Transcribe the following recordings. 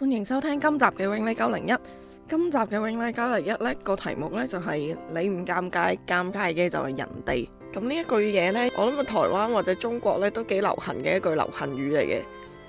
歡迎收聽今集嘅永利九零一，今集嘅永利九零一呢個題目呢，就係你唔尷尬，尷尬嘅就係人哋。咁呢一句嘢呢，我諗台灣或者中國呢都幾流行嘅一句流行語嚟嘅。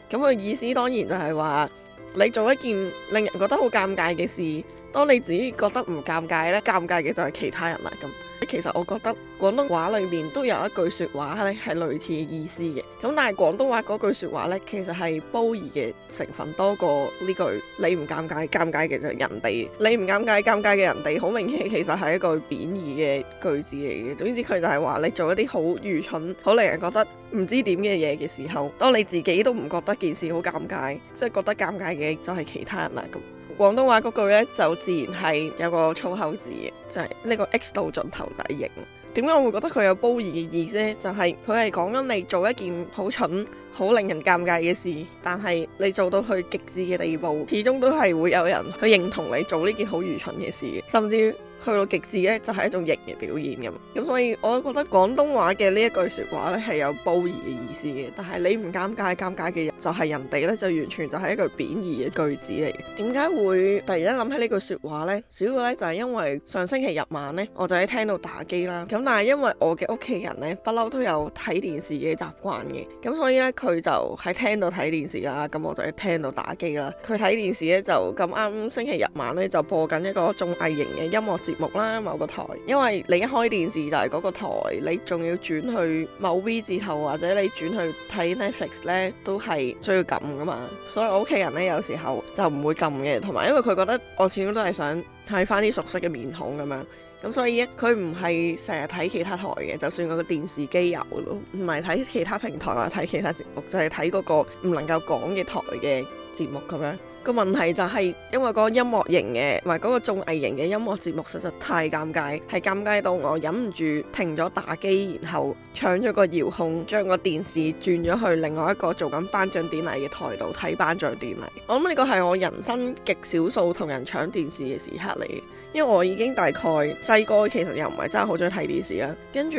咁個意思當然就係話你做一件令人覺得好尷尬嘅事，當你自己覺得唔尷尬呢，尷尬嘅就係其他人啦咁。其實我覺得廣東話裏面都有一句説話咧係類似嘅意思嘅，咁但係廣東話嗰句説話咧其實係褒義嘅成分多過呢句你唔尷尬，尷尬嘅就係人哋，你唔尷尬，尷尬嘅人哋，好明顯其實係一句貶義嘅句子嚟嘅。總之，佢就係話你做一啲好愚蠢、好令人覺得唔知點嘅嘢嘅時候，當你自己都唔覺得件事好尷尬，即係覺得尷尬嘅就係其他人啦咁。廣東話嗰句呢，就自然係有個粗口字就係、是、呢個 X 到盡頭仔型。點解我會覺得佢有褒義嘅意思咧？就係佢係講緊你做一件好蠢，好令人尷尬嘅事，但係你做到去極致嘅地步，始終都係會有人去認同你做呢件好愚蠢嘅事，甚至去到極致呢，就係、是、一種型嘅表現㗎嘛。咁、嗯、所以我覺得廣東話嘅呢一句説話呢，係有褒義嘅意思嘅，但係你唔尷尬，尷尬嘅人就係人哋呢，就完全就係一句貶義嘅句子嚟。點解會突然間諗起呢句説話呢？主要呢，就係、是、因為上星期日晚呢，我就喺廳度打機啦。咁但係因為我嘅屋企人呢，不嬲都有睇電視嘅習慣嘅，咁所以呢。佢。佢就喺廳度睇電視啦，咁我就喺廳度打機啦。佢睇電視咧就咁啱星期日晚咧就播緊一個綜藝型嘅音樂節目啦，某個台。因為你一開電視就係嗰個台，你仲要轉去某 V 字頭或者你轉去睇 Netflix 咧，都係需要撳噶嘛。所以我屋企人咧有時候就唔會撳嘅，同埋因為佢覺得我始終都係想睇返啲熟悉嘅面孔咁樣。咁所以佢唔係成日睇其他台嘅，就算個電視機有咯，唔係睇其他平台或睇其他節目，就係睇嗰個唔能夠講嘅台嘅節目咁樣，個問題就係因為個音樂型嘅，唔係嗰個綜藝型嘅音樂節目實在太尷尬，係尷尬到我忍唔住停咗打機，然後搶咗個遙控，將個電視轉咗去另外一個做緊頒獎典禮嘅台度睇頒獎典禮。我諗呢個係我人生極少數同人搶電視嘅時刻嚟。因為我已經大概細個其實又唔係真係好中意睇電視啦，跟住。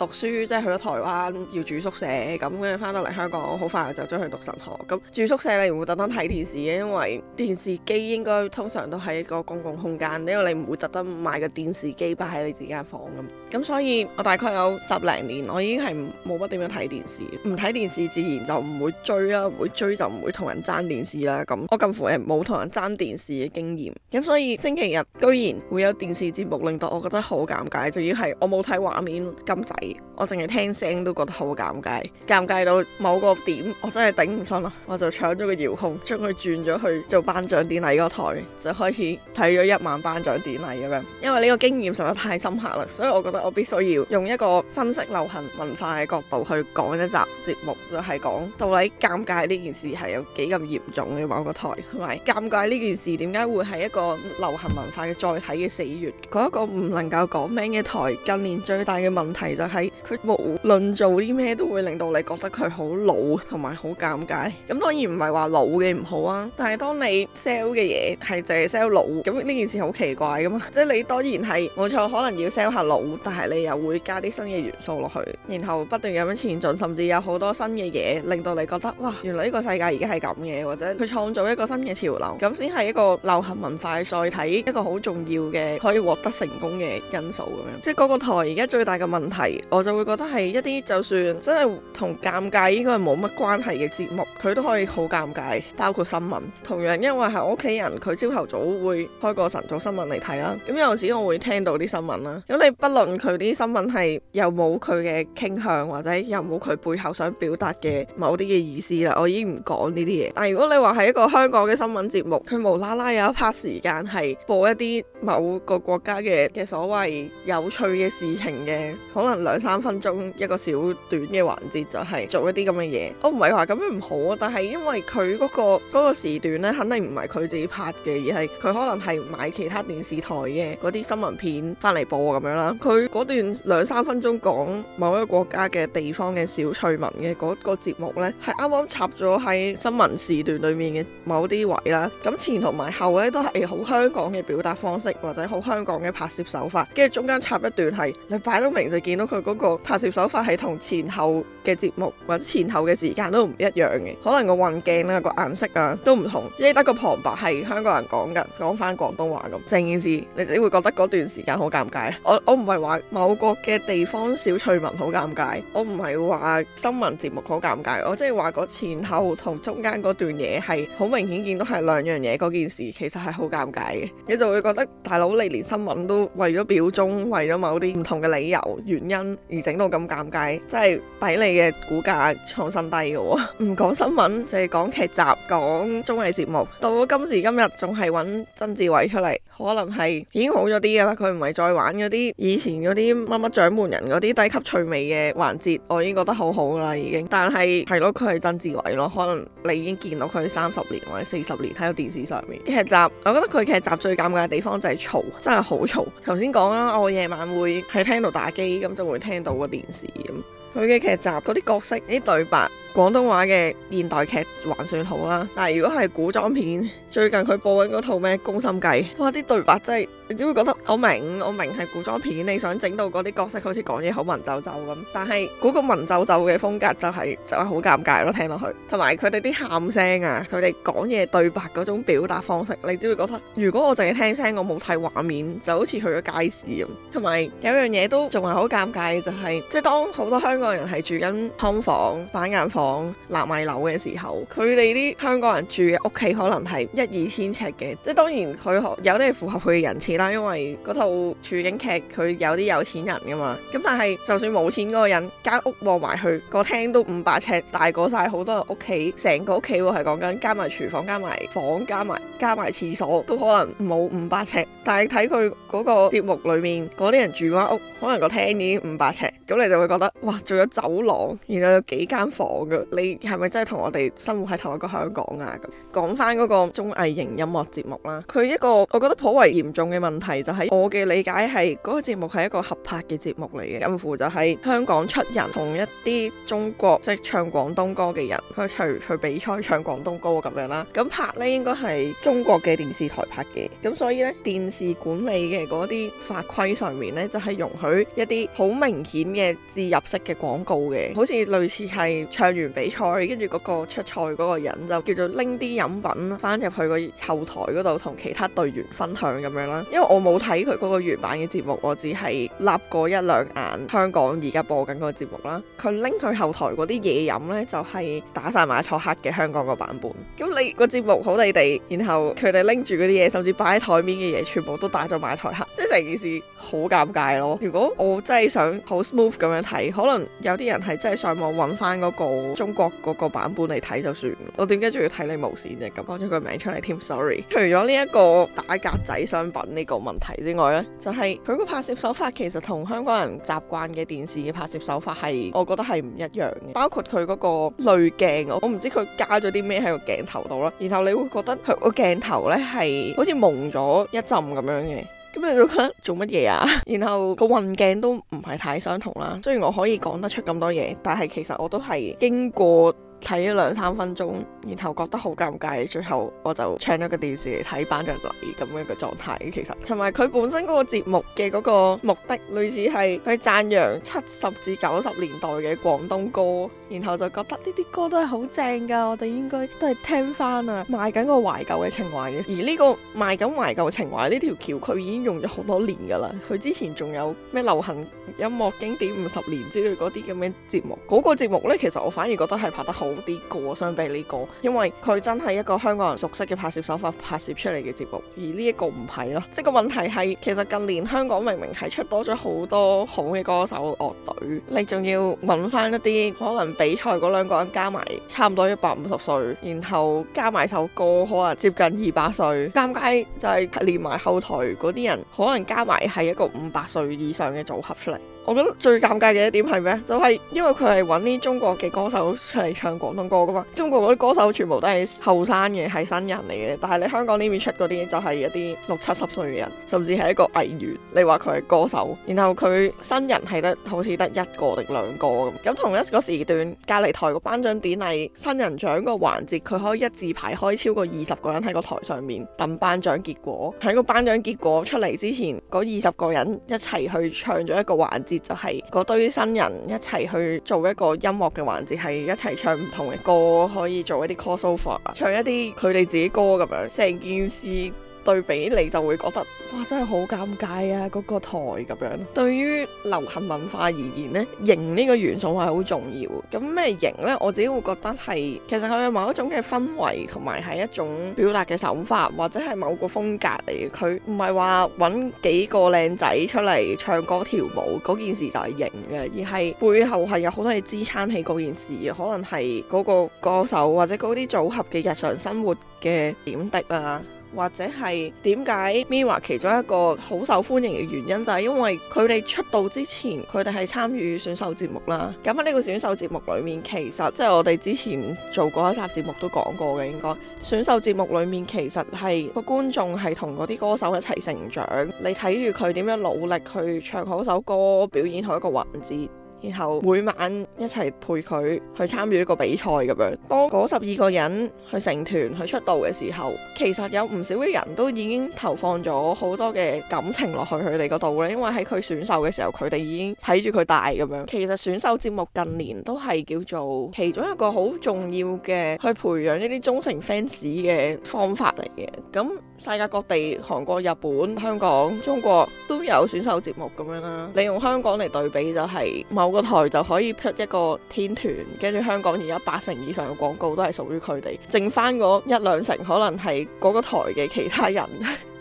讀書即係去咗台灣要住宿舍咁，跟住翻到嚟香港好快就追去讀神學。咁住宿舍你唔會特登睇電視嘅，因為電視機應該通常都喺個公共空間，因為你唔會特登買個電視機擺喺你自己間房咁。咁所以我大概有十零年，我已經係冇乜點樣睇電視。唔睇電視自然就唔會追啦，唔會追就唔會同人爭電視啦。咁我近乎係冇同人爭電視嘅經驗。咁所以星期日居然會有電視節目，令到我覺得好尷尬。仲要係我冇睇畫面㗎咋。我淨係聽聲都覺得好尷尬，尷尬到某個點我真係頂唔順啦，我就搶咗個遙控，將佢轉咗去做頒獎典禮嗰台，就開始睇咗一晚頒獎典禮咁樣。因為呢個經驗實在太深刻啦，所以我覺得我必須要用一個分析流行文化嘅角度去講一集節目，就係講到底尷尬呢件事係有幾咁嚴重嘅某個台，同埋尷尬呢件事點解會係一個流行文化嘅載體嘅死穴，嗰一個唔能夠講名嘅台，近年最大嘅問題就係、是。佢無論做啲咩都會令到你覺得佢好老同埋好尷尬。咁 當然唔係話老嘅唔好啊，但係當你 sell 嘅嘢係淨係 sell 老，咁呢件事好奇怪噶嘛。即 係你當然係冇錯，可能要 sell 下老，但係你又會加啲新嘅元素落去，然後不斷咁樣前進，甚至有好多新嘅嘢令到你覺得哇，原來呢個世界而家係咁嘅，或者佢創造一個新嘅潮流，咁先係一個流行文化再睇一個好重要嘅可以獲得成功嘅因素咁樣。即係嗰個台而家最大嘅問題，我就佢覺得係一啲就算真係同尷尬應該係冇乜關係嘅節目，佢都可以好尷尬。包括，包括新聞，同樣因為係我屋企人，佢朝頭早會開個晨早新聞嚟睇啦。咁有陣時我會聽到啲新聞啦。咁你不論佢啲新聞係有冇佢嘅傾向，或者有冇佢背後想表達嘅某啲嘅意思啦，我已經唔講呢啲嘢。但如果你話係一個香港嘅新聞節目，佢無啦啦有一 part 時間係播一啲某個國家嘅嘅所謂有趣嘅事情嘅，可能的兩三分鐘一個小短嘅環節就係做一啲咁嘅嘢，我唔係話咁樣唔好啊，但係因為佢嗰個嗰個時段咧，肯定唔係佢自己拍嘅，而係佢可能係買其他電視台嘅嗰啲新聞片翻嚟播咁樣啦。佢嗰段兩三分鐘講某一個國家嘅地方嘅小趣聞嘅嗰個節目咧，係啱啱插咗喺新聞時段裡面嘅某啲位啦。咁前同埋後咧都係好香港嘅表達方式或者好香港嘅拍攝手法，跟住中間插一段係你擺到明就見到佢嗰個。拍攝手法係同前後嘅節目或者前後嘅時間都唔一樣嘅，可能個運鏡啊個顏色啊都唔同，只係得個旁白係香港人講㗎，講翻廣東話咁。成件事你只會覺得嗰段時間好尷尬。我我唔係話某個嘅地方小趣聞好尷尬，我唔係話新聞節目好尷尬，我即係話個前後同中間嗰段嘢係好明顯見到係兩樣嘢。嗰件事其實係好尷尬嘅，你就會覺得大佬你連新聞都為咗表忠，為咗某啲唔同嘅理由原因整到咁尷尬，真係抵你嘅股價創新低㗎喎。唔 講新聞，淨係講劇集、講綜藝節目。到到今時今日，仲係揾曾志偉出嚟，可能係已經好咗啲㗎喇。佢唔係再玩嗰啲以前嗰啲乜乜掌門人嗰啲低級趣味嘅環節，我已經覺得好好啦已經。但係係咯，佢係曾志偉咯，可能你已經見到佢三十年或者四十年喺個電視上面。劇集，我覺得佢劇集最尷尬嘅地方就係嘈，真係好嘈。頭先講啦，我夜晚會喺廳度打機，咁就會聽到。個電視咁，佢嘅劇集嗰啲角色啲對白。廣東話嘅現代劇還算好啦，但如果係古裝片，最近佢播緊嗰套咩《宮心計》哇，哇啲對白真係你只會覺得我明我明係古裝片，你想整到嗰啲角色好似講嘢好文皺皺咁，但係嗰、嗰個文皺皺嘅風格就係、係、就係、係、好尷尬咯，聽落去。同埋佢哋啲喊聲啊，佢哋講嘢對白嗰種表達方式，你只會覺得如果我淨係聽聲，我冇睇畫面，就好似去咗街市咁。同埋有，有樣嘢都仲係好尷尬嘅就係、係，即係當好多香港人係住緊劏房、板間房，講納米樓嘅時候，佢哋啲香港人住嘅屋企可能係一二千尺嘅，即係當然佢有啲係符合佢嘅人設啦，因為嗰套處境劇佢有啲有錢人㗎嘛。咁但係就算冇錢嗰個人，間屋望埋去個廳都五百尺，大過晒好多屋企。成個屋企係講緊加埋廚房、加埋房、加埋加埋廁所，都可能冇五百尺。但係睇佢嗰個節目裡面嗰啲人住嗰間屋，可能個廳已經五百尺，咁你就會覺得哇，做咗走廊，然後有幾間房。你係咪真係同我哋生活喺同一個香港啊？咁講翻嗰個綜藝型音樂節目啦，佢一個我覺得頗為嚴重嘅問題就係我嘅理解係嗰、嗰個節目係一個合拍嘅節目嚟嘅，近乎就係香港出人同一啲中國識唱廣東歌嘅人去一齊去比賽唱廣東歌咁樣啦。咁拍呢應該係中國嘅電視台拍嘅，咁所以呢，電視管理嘅嗰啲法規上面呢，就係、係、容許一啲好明顯嘅置入式嘅廣告嘅，好似類似係唱完比賽，跟住嗰個出賽嗰個人就叫做拎啲飲品翻入去個後台嗰度，同其他隊員分享咁樣啦。因為我冇睇佢嗰個原版嘅節目，我只係立過一兩眼香港而家播緊嗰個節目啦。佢拎去後台嗰啲嘢飲呢，就係、是、打晒馬賽克嘅香港個版本。咁你個節目好地地，然後佢哋拎住嗰啲嘢，甚至擺喺台面嘅嘢，全部都打咗馬賽克，即係成件事好尷尬咯。如果我真係想好 smooth 咁樣睇，可能有啲人係真係上網揾翻嗰個。中國嗰個版本嚟睇就算，我點解仲要睇你無線啫？咁講咗個名出嚟添，sorry。除咗呢一個打格仔商品呢個問題之外呢就係佢個拍攝手法其實同香港人習慣嘅電視嘅拍攝手法係，我覺得係唔一樣嘅。包括佢嗰個濾鏡，我唔知佢加咗啲咩喺個鏡頭度啦。然後你會覺得佢個鏡頭呢係好似蒙咗一陣咁樣嘅。咁你就覺得做乜嘢啊？ 然後個運鏡都唔係太相同啦。雖然我可以講得出咁多嘢，但係其實我都係經過。睇咗兩三分鐘，然後覺得好尷尬，最後我就搶咗個電視嚟睇頒獎禮咁樣嘅狀態。其實同埋佢本身嗰個節目嘅嗰個目的，類似係去讚揚七十至九十年代嘅廣東歌，然後就覺得呢啲歌都係好正㗎，我哋應該都係聽翻啊，賣緊個懷舊嘅情懷嘅。而呢個賣緊懷舊情懷呢條橋，佢已經用咗好多年㗎啦。佢之前仲有咩流行音樂經典五十年之類嗰啲咁樣節目，嗰、嗰個節目呢，其實我反而覺得係拍得好。好啲個，相比呢個，因為佢真係一個香港人熟悉嘅拍攝手法拍攝出嚟嘅節目，而呢一個唔係咯，即係個問題係其實近年香港明明係出多咗好多好嘅歌手樂隊，你仲要揾翻一啲可能比賽嗰兩個人加埋差唔多一百五十歲，然後加埋首歌可能接近二百歲，尷尬就係連埋後台嗰啲人可能加埋係一個五百歲以上嘅組合出嚟。我覺得最尷尬嘅一點係咩？就係因為佢係揾啲中國嘅歌手出嚟唱廣東歌噶嘛。中國嗰啲歌手全部都係後生嘅，係新人嚟嘅。但係你香港呢邊出嗰啲就係一啲六七十歲嘅人，甚至係一個藝員。你話佢係歌手，然後佢新人係得好似得一個定兩個咁。咁同一個時段，隔離台個頒獎典禮新人獎個環節，佢可以一字排開超過二十個人喺個台上面等頒獎結果。喺個頒獎結果出嚟之前，嗰二十個人一齊去唱咗一個環節。就係嗰堆新人一齊去做一個音樂嘅環節，係一齊唱唔同嘅歌，可以做一啲 crossover，唱一啲佢哋自己的歌咁樣，成件事。對比你就會覺得，哇，真係好尷尬啊！嗰個台咁樣。對於流行文化而言呢，型呢個元素係好重要。咁咩型呢？我自己會覺得係，其實佢有某一種嘅氛圍，同埋係一種表達嘅手法，或者係某個風格嚟嘅。佢唔係話揾幾個靚仔出嚟唱歌跳舞嗰件事就係型嘅，而係背後係有好多嘢支撐起嗰件事嘅。可能係嗰個歌手或者嗰啲組合嘅日常生活嘅點滴啊。或者係點解 MIRROR 其中一個好受歡迎嘅原因，就係、是、因為佢哋出道之前，佢哋係參與選秀節目啦。噉喺呢個選秀節目裡面，其實即係、就是、我哋之前做過一集節目都講過嘅，應該選秀節目裡面其實係個觀眾係同嗰啲歌手一齊成長，你睇住佢點樣努力去唱好首歌、表演好一個環節。然後每晚一齊陪佢去參與呢個比賽咁樣。當嗰十二個人去成團去出道嘅時候，其實有唔少嘅人都已經投放咗好多嘅感情落去佢哋嗰度咧。因為喺佢選秀嘅時候，佢哋已經睇住佢大咁樣。其實選秀節目近年都係叫做其中一個好重要嘅去培養一啲忠誠 fans 嘅方法嚟嘅。咁世界各地，韓國、日本、香港、中國都有選秀節目咁樣啦。利用香港嚟對比就係、是、某個台就可以出一個天團，跟住香港而家八成以上嘅廣告都係屬於佢哋，剩翻嗰一兩成可能係嗰個台嘅其他人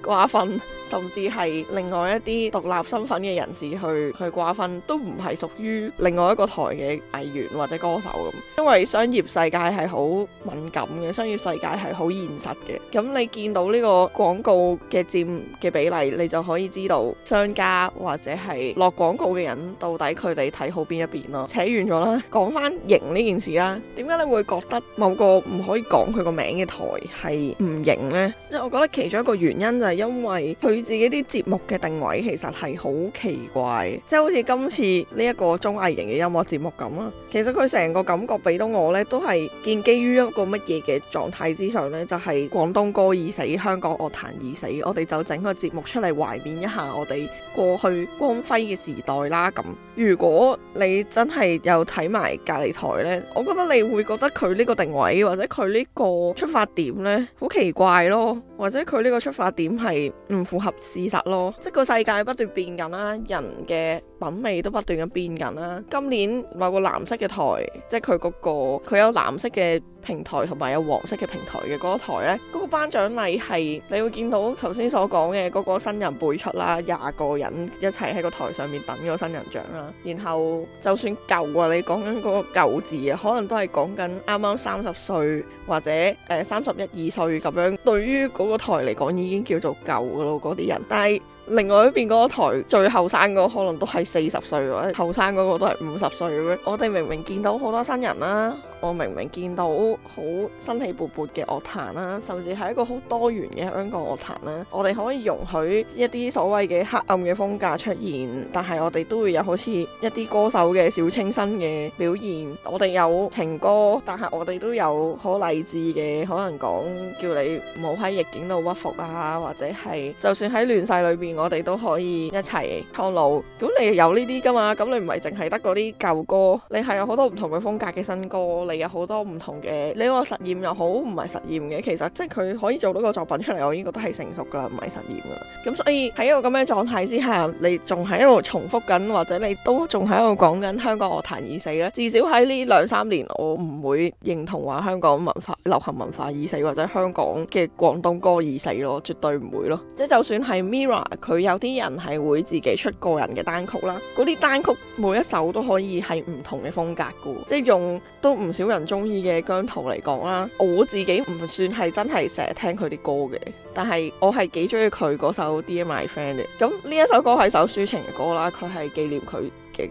瓜分。甚至係另外一啲獨立身份嘅人士去去瓜分，都唔係屬於另外一個台嘅藝員或者歌手咁，因為商業世界係好敏感嘅，商業世界係好現實嘅。咁你見到呢個廣告嘅佔嘅比例，你就可以知道商家或者係落廣告嘅人到底佢哋睇好邊一邊咯。扯遠咗啦，講翻型呢件事啦。點解你會覺得某個唔可以講佢個名嘅台係唔型呢？即係我覺得其中一個原因就係因為佢，自己啲節目嘅定位其實係好奇怪，即係好似今次呢一個綜藝型嘅音樂節目咁啊，其實佢成個感覺俾到我咧，都係建基於一個乜嘢嘅狀態之上咧，就係廣東歌已死，香港樂壇已死，我哋就整個節目出嚟懷緬一下我哋過去光輝嘅時代啦。咁如果你真係有睇埋隔籬台咧，我覺得你會覺得佢呢個定位或者佢呢個出發點咧好奇怪咯，或者佢呢個出發點係唔符合。事實咯，即係個世界不斷變緊啦，人嘅品味都不斷咁變緊啦。今年某個藍色嘅台，即係佢嗰個，佢有藍色嘅平台同埋有，有黃色嘅平台嘅嗰台咧，嗰、嗰個頒獎禮係你會見到頭先所講嘅嗰個新人輩出啦，廿個人一齊喺個台上面等個新人獎啦。然後就算舊啊，你講緊嗰個舊字啊，可能都係講緊啱啱三十歲或者誒三十一二歲咁樣，對於嗰個台嚟講已經叫做舊噶咯嗰啲人。但係另外一邊嗰台最後生嗰個可能都係四十歲，後生嗰個都係五十歲咁樣。我哋明明見到好多新人啦，啊。我明明見到好生氣勃勃嘅樂壇啦，甚至係一個好多元嘅香港樂壇啦。我哋可以容許一啲所謂嘅黑暗嘅風格出現，但係我哋都會有好似一啲歌手嘅小清新嘅表現。我哋有情歌，但係我哋都有好勵志嘅，可能講叫你唔好喺逆境度屈服啊，或者係就算喺亂世裏邊，我哋都可以一齊抗老。咁你有呢啲㗎嘛？咁你唔係淨係得嗰啲舊歌，你係有好多唔同嘅風格嘅新歌。嚟有好多唔同嘅，你話實驗又好唔係實驗嘅，其實即係佢可以做到個作品出嚟，我已經覺得係成熟噶啦，唔係實驗噶啦。咁所以喺一個咁嘅狀態之下，你仲喺度重複緊或者你都仲喺度講緊香港樂壇已死咧。至少喺呢兩三年，我唔會認同話香港文化、流行文化已死，或者香港嘅廣東歌已死咯，絕對唔會咯。即係就算係 Mirror，佢有啲人係會自己出個人嘅單曲啦，嗰啲單曲每一首都可以係唔同嘅風格噶，即係用都唔。少人中意嘅姜濤嚟講啦，我自己唔算係真係成日聽佢啲歌嘅，但係我係幾中意佢嗰首 Dear My Friend《Dear My Friend》嘅。咁呢一首歌係首抒情嘅歌啦，佢係紀念佢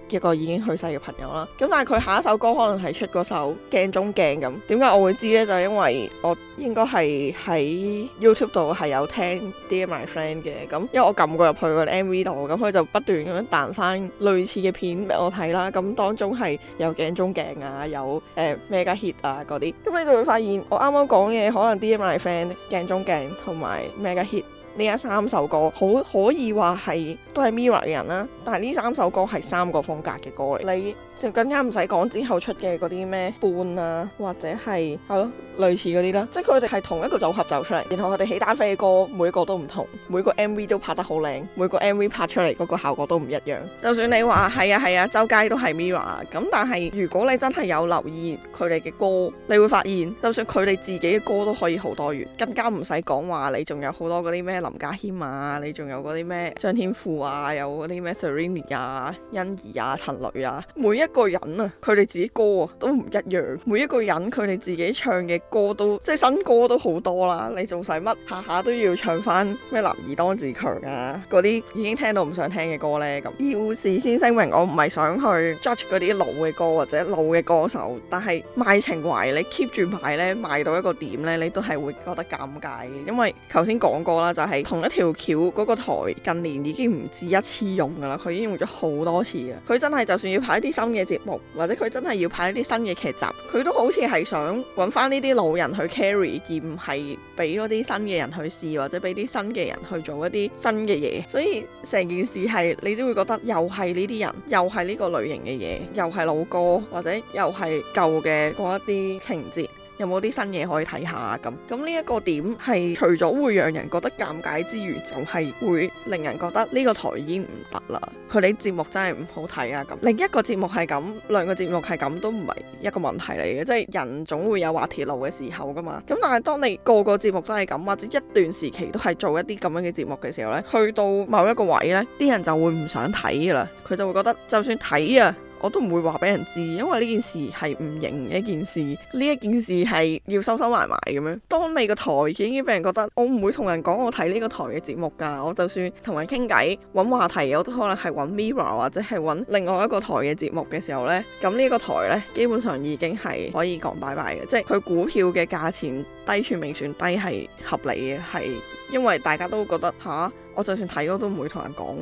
一個已經去世嘅朋友啦，咁但係佢下一首歌可能係出嗰首鏡中鏡咁。點解我會知呢？就係因為我應該係喺 YouTube 度係有聽 Dear My Friend 嘅，咁因為我撳過入去個 MV 度，咁佢就不斷咁樣彈翻類似嘅片俾我睇啦。咁當中係有鏡中鏡啊，有誒 Megahit 啊嗰啲，咁你就會發現我啱啱講嘅可能 Dear My Friend 鏡中鏡同埋 Megahit。呢三首歌可以話係都係 Mirror 嘅人啦，但係呢三首歌係三個風格嘅歌嚟。你就更加唔使講之後出嘅嗰啲咩伴啊，或者係係咯，類似嗰啲啦。即係佢哋係同一個組合走出嚟，然後佢哋起單飛嘅歌，每一個都唔同，每個 MV 都拍得好靚，每個 MV 拍出嚟嗰個效果都唔一樣。就算你話係啊係啊，周街都係 Mirror，咁但係如果你真係有留意佢哋嘅歌，你會發現就算佢哋自己嘅歌都可以好多元，更加唔使講話你仲有好多嗰啲咩林家謙啊，你仲有嗰啲咩張天賦啊，有嗰啲咩 Serrini 啊、欣宜啊、陳蕾啊，每一一個人啊，佢哋自己歌啊都唔一樣，每一個人佢哋自己唱嘅歌都即係新歌都好多啦，你仲使乜下下都要唱翻咩男兒當自強啊，嗰啲已經聽到唔想聽嘅歌咧。咁，要事先聲明，我唔係想去 judge 嗰啲老嘅歌或者老嘅歌手，但係賣情懷，你 keep 住賣咧，賣到一個點咧，你都係會覺得尷尬嘅，因為頭先講過啦，就係、是、同一條橋嗰個台近年已經唔止一次用噶啦，佢已經用咗好多次啦，佢真係就算要排啲新嘅節目，或者佢真係要拍一啲新嘅劇集，佢都好似係想揾翻呢啲老人去 carry，而唔係俾嗰啲新嘅人去試，或者俾啲新嘅人去做一啲新嘅嘢。所以成件事係你都會覺得又係呢啲人，又係呢個類型嘅嘢，又係老歌，或者又係舊嘅嗰一啲情節。有冇啲新嘢可以睇下咁？咁呢一個點係除咗會讓人覺得尷尬之餘，就係會令人覺得呢個台已經唔得喇。佢哋啲節目真係唔好睇啊咁。另一個節目係咁，兩個節目係咁都唔係一個問題嚟嘅，即係人總會有滑鐵盧嘅時候㗎嘛。咁但係當你個個節目都係咁，或者一段時期都係做一啲咁樣嘅節目嘅時候呢，去到某一個位呢，啲人就會唔想睇㗎啦。佢就會覺得就算睇啊，我都唔會話俾人知，因為呢件事係唔型嘅一件事，呢件事係要收收埋埋咁樣。當你個台已經被人覺得，我唔會同人講我睇呢個台嘅節目㗎，我就算同人傾偈揾話題，我都可能係揾 Mirror 或者係揾另外一個台嘅節目嘅時候呢。咁呢個台呢，基本上已經係可以講拜拜嘅，即係佢股票嘅價錢低算唔算低係合理嘅，係因為大家都覺得嚇。哈我就算睇到都唔會同人講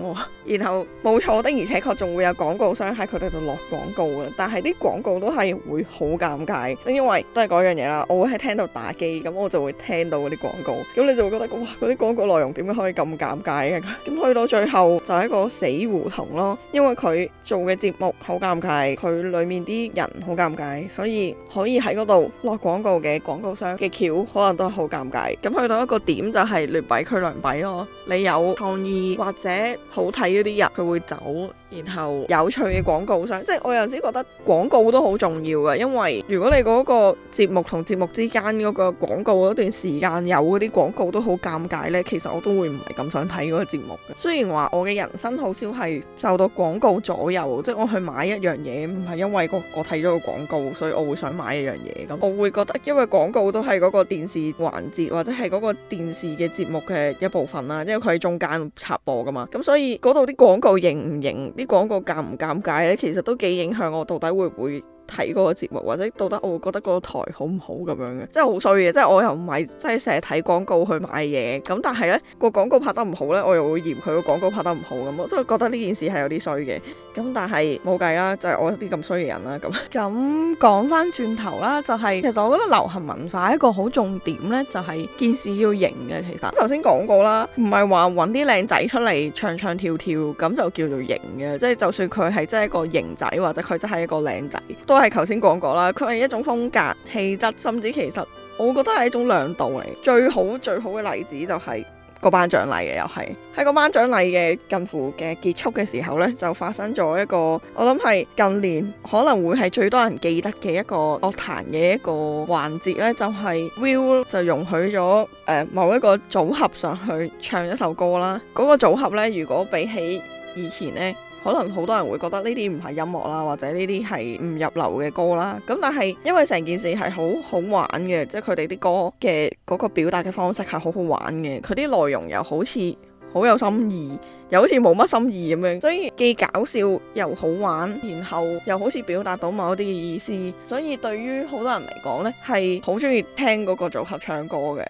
喎。 然後冇錯，的而且確仲會有廣告商喺佢哋度落廣告嘅。但係啲廣告都係會好尷尬，正因為都係嗰樣嘢啦。我會喺聽到打機咁，我就會聽到嗰啲廣告。咁你就會覺得哇，嗰啲廣告內容點解可以咁尷尬嘅？咁 去到最後就係一個死胡同咯，因為佢做嘅節目好尷尬，佢裡面啲人好尷尬，所以可以喺嗰度落廣告嘅廣告商嘅橋可能都係好尷尬。咁去到一個點就係劣幣驅良幣咯。你有抗議或者好睇嗰啲人，佢會走。然後有趣嘅廣告商，即係我有陣時覺得廣告都好重要嘅，因為如果你嗰個節目同節目之間嗰個廣告嗰段時間有嗰啲廣告都好尷尬呢，其實我都會唔係咁想睇嗰個節目嘅。雖然話我嘅人生好少係受到廣告左右，即係我去買一樣嘢唔係因為我睇咗個廣告，所以我會想買一樣嘢咁。我會覺得因為廣告都係嗰個電視環節或者係嗰個電視嘅節目嘅一部分啦，因為佢喺中間插播㗎嘛。咁所以嗰度啲廣告認唔認？啲廣告尷唔尷尬咧，其實都幾影響我到底會唔會睇嗰個節目或者到得我會覺得嗰個台好唔好咁樣嘅，即係好衰嘅。即係我又唔係即係成日睇廣告去買嘢，咁但係呢個廣告拍得唔好呢，我又會嫌佢個廣告拍得唔好咁，我真係覺得呢件事係有啲衰嘅。咁但係冇計啦，就係我啲咁衰嘅人啦咁。咁講翻轉頭啦，就係其實我覺得流行文化一個好重點呢，就係件事要型嘅。其實頭先講過啦，唔係話揾啲靚仔出嚟唱唱跳跳咁就叫做型嘅，即係就算佢係真係一個型仔或者佢真係一個靚仔。都係頭先講過啦，佢係一種風格、氣質，甚至其實我覺得係一種亮度嚟。最好最好嘅例子就係個頒獎禮嘅，又係喺個頒獎禮嘅近乎嘅結束嘅時候呢，就發生咗一個我諗係近年可能會係最多人記得嘅一個樂壇嘅一個環節呢就係、是、Viu 就容許咗誒某一個組合上去唱一首歌啦。嗰、那個組合呢，如果比起以前呢……可能好多人會覺得呢啲唔係音樂啦，或者呢啲係唔入流嘅歌啦。咁但係因為成件事係好好玩嘅，即係佢哋啲歌嘅嗰個表達嘅方式係好好玩嘅，佢啲內容又好似好有心意。又好似冇乜心意咁樣，所以既搞笑又好玩，然後又好似表達到某一啲嘅意思，所以對於好多人嚟講咧，係好中意聽嗰個組合唱歌嘅，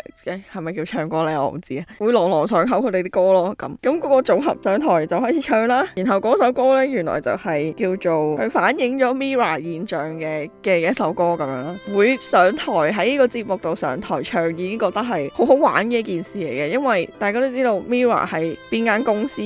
係咪叫唱歌咧？我唔知啊，會朗朗上口佢哋啲歌咯咁。咁嗰個組合上台就開始唱啦，然後嗰首歌咧原來就係叫做佢反映咗 Mirror 現象嘅嘅一首歌咁樣啦。會上台喺呢個節目度上台唱已經覺得係好好玩嘅一件事嚟嘅，因為大家都知道 Mirror 係邊間公司。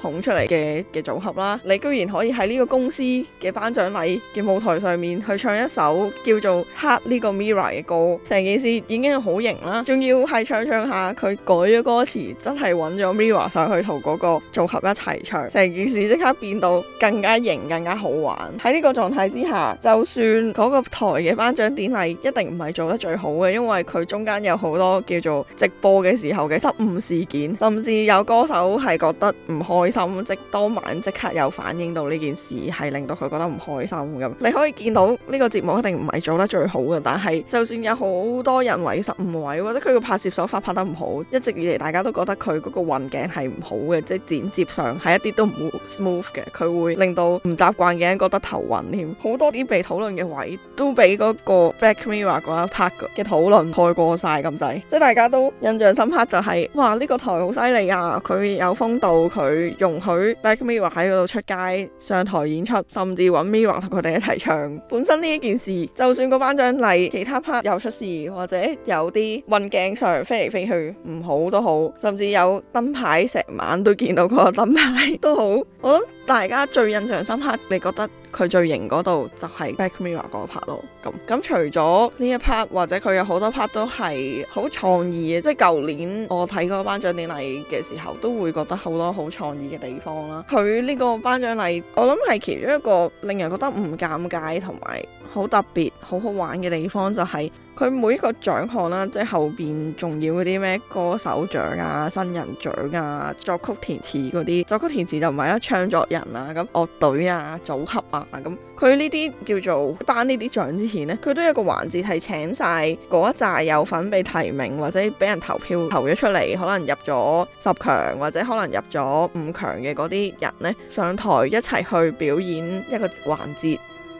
捧出嚟嘅嘅組合啦，你居然可以喺呢個公司嘅頒獎禮嘅舞台上面去唱一首叫做《黑呢個 Mirror》嘅歌，成件事已經好型啦。仲要係唱一唱一下佢改咗歌詞真係揾咗 Mirror 上去同嗰個組合一齊唱，成件事即刻變到更加型、更加好玩。喺呢個狀態之下，就算嗰個台嘅頒獎典禮一定唔係做得最好嘅，因為佢中間有好多叫做直播嘅時候嘅失誤事件，甚至有歌手係覺得唔開。心即當晚即刻有反映到呢件事係令到佢覺得唔開心咁。你可以見到呢、這個節目一定唔係做得最好嘅，但係就算有好多人為十五位，或者佢個拍攝手法拍得唔好，一直以嚟大家都覺得佢嗰個運鏡係唔好嘅，即係剪接上係一啲都唔會 smooth 嘅，佢會令到唔習慣嘅人覺得頭暈添。好多啲被討論嘅位都俾嗰個 Black Mirror 嗰一 part 嘅討論蓋過晒咁滯，即係大家都印象深刻就係、是、哇呢、這個台好犀利啊，佢有風度佢。容許 Black Mirror 喺嗰度出街上台演出，甚至揾 Mirror 同佢哋一齊唱。本身呢件事，就算個頒獎禮其他 part 有出事，或者有啲運鏡上飛嚟飛去唔好都好，甚至有燈牌成晚都見到個燈牌都好。嗯大家最印象深刻，你覺得佢最型嗰度就係 Black Mirror 嗰 part 咯。咁除咗呢一 part，或者佢有好多 part 都係好創意嘅。即係舊年我睇嗰個頒獎典禮嘅時候，都會覺得好多好創意嘅地方啦。佢呢個頒獎禮，我諗係其中一個令人覺得唔尷尬同埋好特別。好好玩嘅地方就係、是、佢每一個獎項啦，即係後邊仲要嗰啲咩歌手獎啊、新人獎啊、作曲填詞嗰啲，作曲填詞就唔係咯，唱作人啊、咁樂隊啊、組合啊咁，佢呢啲叫做頒呢啲獎之前呢，佢都有個環節係請晒嗰一紮有份被提名或者俾人投票投咗出嚟，可能入咗十強或者可能入咗五強嘅嗰啲人呢，上台一齊去表演一個環節。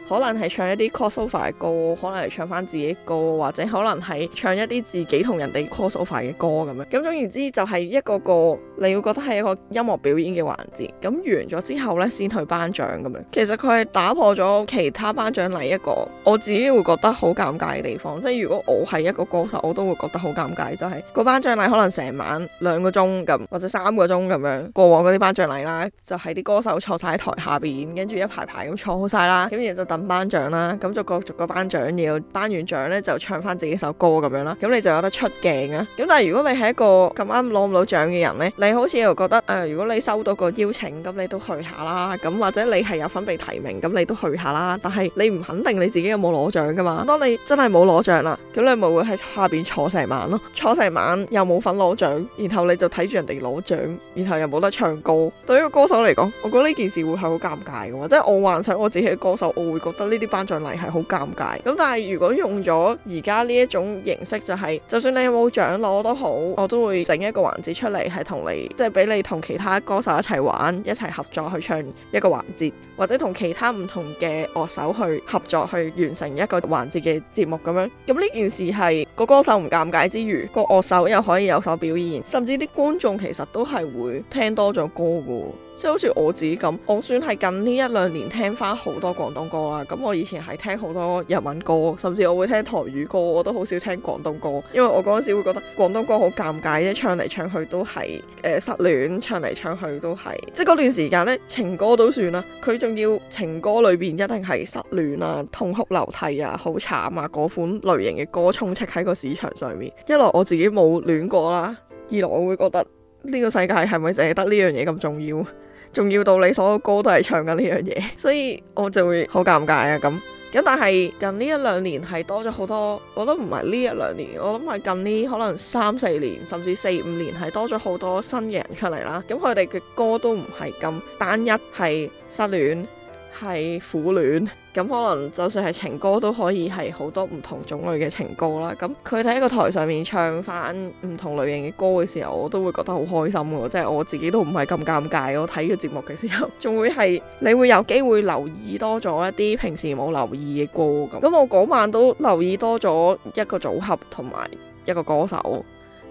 可能係唱一啲 cover 嘅歌，可能係唱翻自己歌，或者可能係唱一啲自己同人哋 cover 嘅歌咁樣。咁總言之就係一個個，你會覺得係一個音樂表演嘅環節。咁完咗之後呢，先去頒獎咁樣。其實佢係打破咗其他頒獎禮一個我自己會覺得好尷尬嘅地方，即係如果我係一個歌手，我都會覺得好尷尬，就係、是、個頒獎禮可能成晚兩個鐘咁，或者三個鐘咁樣。過往嗰啲頒獎禮啦，就係、是、啲歌手坐晒喺台下邊，跟住一排排咁坐好晒啦，咁然就頒獎啦，咁就各逐個頒獎，要頒完獎咧就唱翻自己首歌咁樣啦，咁你就有得出鏡啊。咁但係如果你係一個咁啱攞唔到獎嘅人咧，你好似又覺得誒、呃，如果你收到個邀請，咁你都去下啦，咁或者你係有份被提名，咁你都去下啦。但係你唔肯定你自己有冇攞獎噶嘛？當你真係冇攞獎啦，咁你咪會喺下邊坐成晚咯，坐成晚又冇份攞獎，然後你就睇住人哋攞獎，然後又冇得唱歌。對於個歌手嚟講，我覺得呢件事會係好尷尬噶嘛，即係我幻想我自己係個歌手，我會。我覺得呢啲頒獎禮係好尷尬，咁但係如果用咗而家呢一種形式，就係就算你有冇獎攞都好，我都會整一個環節出嚟，係同你即係俾你同其他歌手一齊玩，一齊合作去唱一個環節，或者同其他唔同嘅樂手去合作去完成一個環節嘅節目咁樣。咁呢件事係。個歌手唔尷尬之餘，個樂手又可以有所表現，甚至啲觀眾其實都係會聽多咗歌㗎喎。即係好似我自己咁，我算係近呢一兩年聽翻好多廣東歌啦。咁我以前係聽好多日文歌，甚至我會聽台語歌，我都好少聽廣東歌，因為我嗰陣時會覺得廣東歌好尷尬啫，唱嚟唱去都係誒、呃、失戀，唱嚟唱去都係。即係嗰段時間呢，情歌都算啦，佢仲要情歌裏邊一定係失戀啊、痛哭流涕啊、好慘啊嗰款類型嘅歌充斥喺。個市場上面，一來我自己冇戀過啦，二來我會覺得呢個世界係咪淨係得呢樣嘢咁重要，重要到你所有歌都係唱緊呢樣嘢，所以我就會好尷尬啊咁。咁但係近呢一兩年係多咗好多，我都唔係呢一兩年，我諗係近呢可能三四年甚至四五年係多咗好多新嘅人出嚟啦。咁佢哋嘅歌都唔係咁單一，係失戀。係苦戀，咁可能就算係情歌都可以係好多唔同種類嘅情歌啦。咁佢喺一個台上面唱翻唔同類型嘅歌嘅時候，我都會覺得好開心㗎，即係我自己都唔係咁尷尬咯。睇個節目嘅時候，仲會係你會有機會留意多咗一啲平時冇留意嘅歌咁。咁我嗰晚都留意多咗一個組合同埋一個歌手。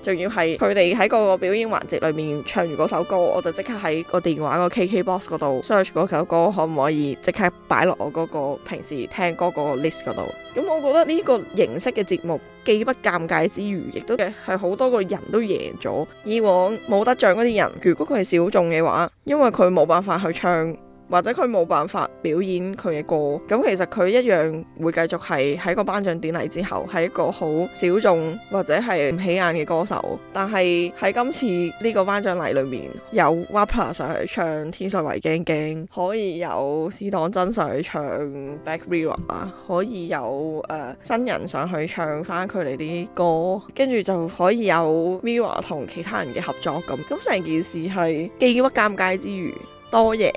仲要係佢哋喺個表演環節裏面唱完嗰首歌，我就即刻喺個電話個 KKBox 嗰度 search 嗰首歌，可唔可以即刻擺落我嗰個平時聽歌個 list 嗰度？咁我覺得呢個形式嘅節目既不尷尬之餘，亦都係好多個人都贏咗。以往冇得獎嗰啲人，如果佢係小眾嘅話，因為佢冇辦法去唱。或者佢冇辦法表演佢嘅歌，咁其實佢一樣會繼續係喺個頒獎典禮之後，係一個好小眾或者係唔起眼嘅歌手。但係喺今次呢個頒獎禮裏面，有 rapper 上去唱《天水圍驚驚》，可以有史黨真上去唱《Back River》，可以有誒、呃、新人上去唱翻佢哋啲歌，跟住就可以有 MIRROR 同其他人嘅合作咁。咁成件事係既冇乜尷尬之餘，多贏。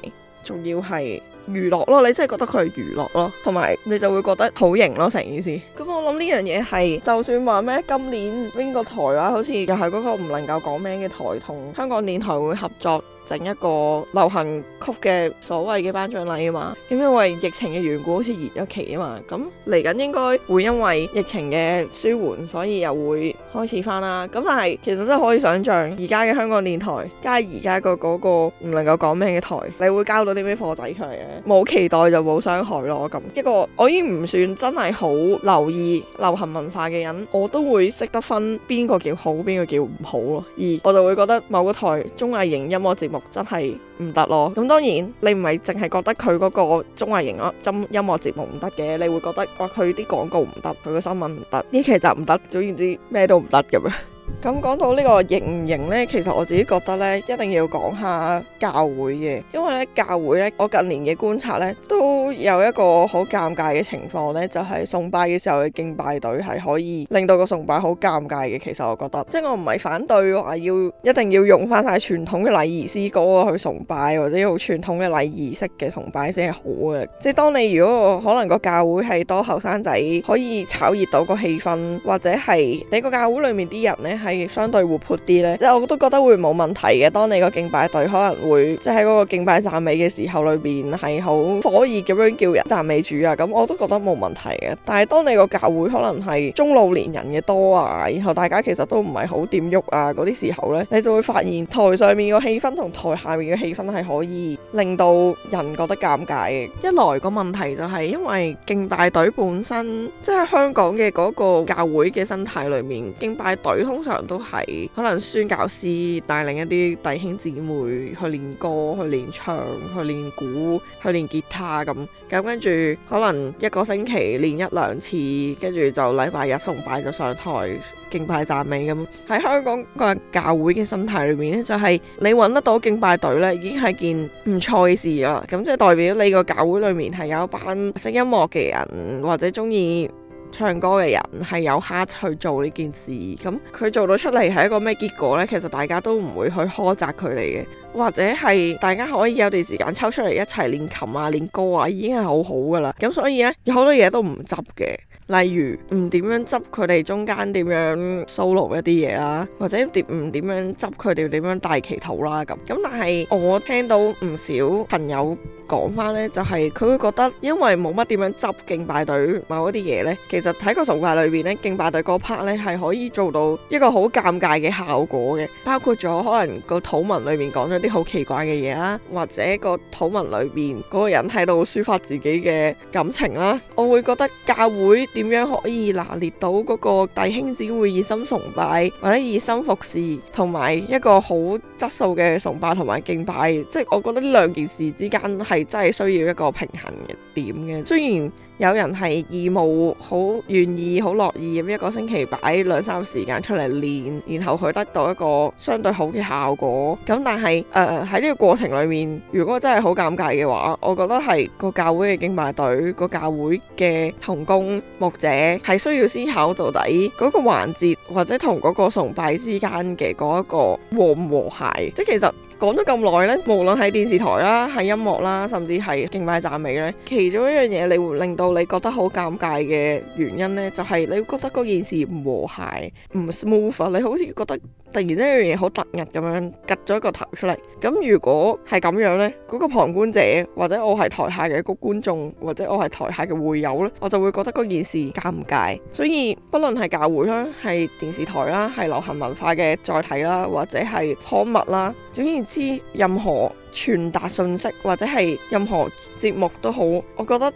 仲要係娛樂咯，你真係覺得佢係娛樂咯，同埋你就會覺得好型咯成件事。咁我諗呢樣嘢係，就算話咩今年邊個台啊，好似又係嗰個唔能夠講名嘅台同香港電台會合作。整一個流行曲嘅所謂嘅頒獎禮啊嘛，咁因為疫情嘅緣故好似延咗期啊嘛，咁嚟緊應該會因為疫情嘅舒緩，所以又會開始翻啦。咁但係其實真係可以想象，而家嘅香港電台加而家個個唔能夠講名嘅台，你會交到啲咩貨仔出嚟嘅？冇期待就冇傷害咯。咁一個我已經唔算真係好留意流行文化嘅人，我都會識得分邊個叫好，邊個叫唔好咯。而我就會覺得某個台綜藝型音樂節目。真係唔得咯！咁當然你唔係淨係覺得佢嗰個綜藝型啊音樂節目唔得嘅，你會覺得哇，佢啲廣告唔得，佢個新聞唔得，啲劇集唔得，總言之咩都唔得咁樣。 咁講到呢個型唔型呢，其實我自己覺得呢，一定要講下教會嘅，因為呢教會呢，我近年嘅觀察呢，都有一個好尷尬嘅情況呢，就係崇拜嘅時候嘅敬拜隊係可以令到個崇拜好尷尬嘅。其實我覺得，即係我唔係反對話要一定要用翻晒傳統嘅禮儀詩歌去崇拜，或者用傳統嘅禮儀式嘅崇拜先係好嘅。即係當你如果可能個教會係多後生仔，可以炒熱到個氣氛，或者係你個教會裡面啲人呢。係相對活潑啲咧，即係我都覺得會冇問題嘅。當你個敬拜隊可能會，即係喺嗰個敬拜讚美嘅時候裏邊係好火熱，咁樣叫人讚美主啊，咁我都覺得冇問題嘅。但係當你個教會可能係中老年人嘅多啊，然後大家其實都唔係好點喐啊嗰啲時候咧，你就會發現台上面個氣氛同台下面嘅氣氛係可以令到人覺得尷尬嘅。一來個問題就係因為敬拜隊本身即係、就是、香港嘅嗰個教會嘅生態裏面，敬拜隊通常都係可能宣教師帶領一啲弟兄姊妹去練歌、去練唱、去練鼓、去練吉他咁，咁跟住可能一個星期練一兩次，跟住就禮拜日崇拜就上台敬拜讚美咁。喺香港個教會嘅生態裏面呢，就係、是、你揾得到敬拜隊呢已經係件唔錯嘅事啦。咁即係代表你個教會裏面係有一班識音樂嘅人，或者中意唱歌嘅人係有 heart 去做呢件事，咁佢做到出嚟係一個咩結果呢？其實大家都唔會去苛責佢哋嘅，或者係大家可以有段時間抽出嚟一齊練琴啊、練歌啊，已經係好好噶啦。咁所以呢，有好多嘢都唔執嘅。例如唔點樣執佢哋中間點樣 solo 一啲嘢啦，或者唔點樣執佢哋點樣帶祈禱啦咁。咁但係我聽到唔少朋友講翻呢，就係佢會覺得因為冇乜點樣執敬拜隊某一啲嘢呢，其實喺個崇拜裏邊呢，敬拜隊嗰 part 呢係可以做到一個好尷尬嘅效果嘅，包括咗可能個土文裏面講咗啲好奇怪嘅嘢啦，或者個土文裏面嗰個人喺度抒發自己嘅感情啦。我會覺得教會，點樣可以拿捏到嗰個弟兄姊妹熱心崇拜或者熱心服侍，同埋一個好質素嘅崇拜同埋敬拜？即係我覺得兩件事之間係真係需要一個平衡嘅點嘅。雖然有人係義務，好願意、好樂意一個星期擺兩三個時間出嚟練，然後佢得到一個相對好嘅效果。咁但係誒喺呢個過程裡面，如果真係好尷尬嘅話，我覺得係、嗰個教會嘅敬拜隊、嗰個教會嘅同工。目者係需要思考到底嗰個環節或者同嗰個崇拜之間嘅嗰一個和唔和諧，即係其實。講咗咁耐呢，無論係電視台啦，係音樂啦，甚至係敬拜讚美呢，其中一樣嘢你會令到你覺得好尷尬嘅原因呢，就係、是、你會覺得嗰件事唔和諧、唔 smooth 你好似覺得突然一樣嘢好突兀咁樣擳咗一個頭出嚟。咁如果係咁樣呢，嗰、那個旁觀者或者我係台下嘅一個觀眾，或者我係台下嘅會友呢，我就會覺得嗰件事尷尬。所以不論係教會啦、係電視台啦、係流行文化嘅載體啦，或者係刊物啦，總言之。任何傳達信息或者係任何節目都好，我覺得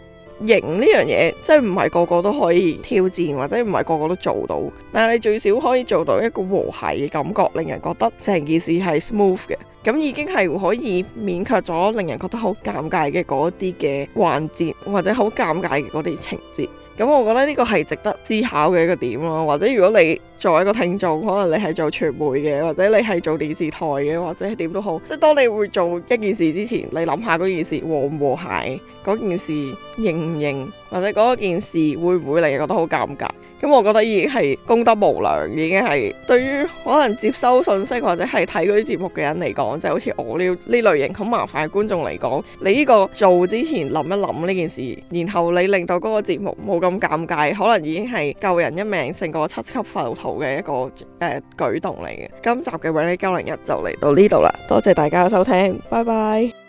型呢樣嘢即係唔係個個都可以挑戰，或者唔係個個都做到。但係你最少可以做到一個和諧嘅感覺，令人覺得成件事係 smooth 嘅，咁已經係可以勉強咗，令人覺得好尷尬嘅嗰啲嘅環節或者好尷尬嘅嗰啲情節。咁我覺得呢個係值得思考嘅一個點咯，或者如果你作為一個聽眾，可能你係做傳媒嘅，或者你係做電視台嘅，或者點都好，即係當你會做一件事之前，你諗下嗰件事和唔和諧，嗰件事認唔認，或者嗰件事會唔會令你會覺得好尷尬？咁、嗯、我覺得已經係功德無量，已經係對於可能接收信息或者係睇嗰啲節目嘅人嚟講，就係、好似我呢呢類型好麻煩嘅觀眾嚟講，你呢個做之前諗一諗呢件事，然後你令到嗰個節目冇咁尷尬，可能已經係救人一命、勝過七級浮屠嘅一個誒、呃、舉動嚟嘅。今集嘅永利901就嚟到呢度啦，多謝大家的收聽，拜拜。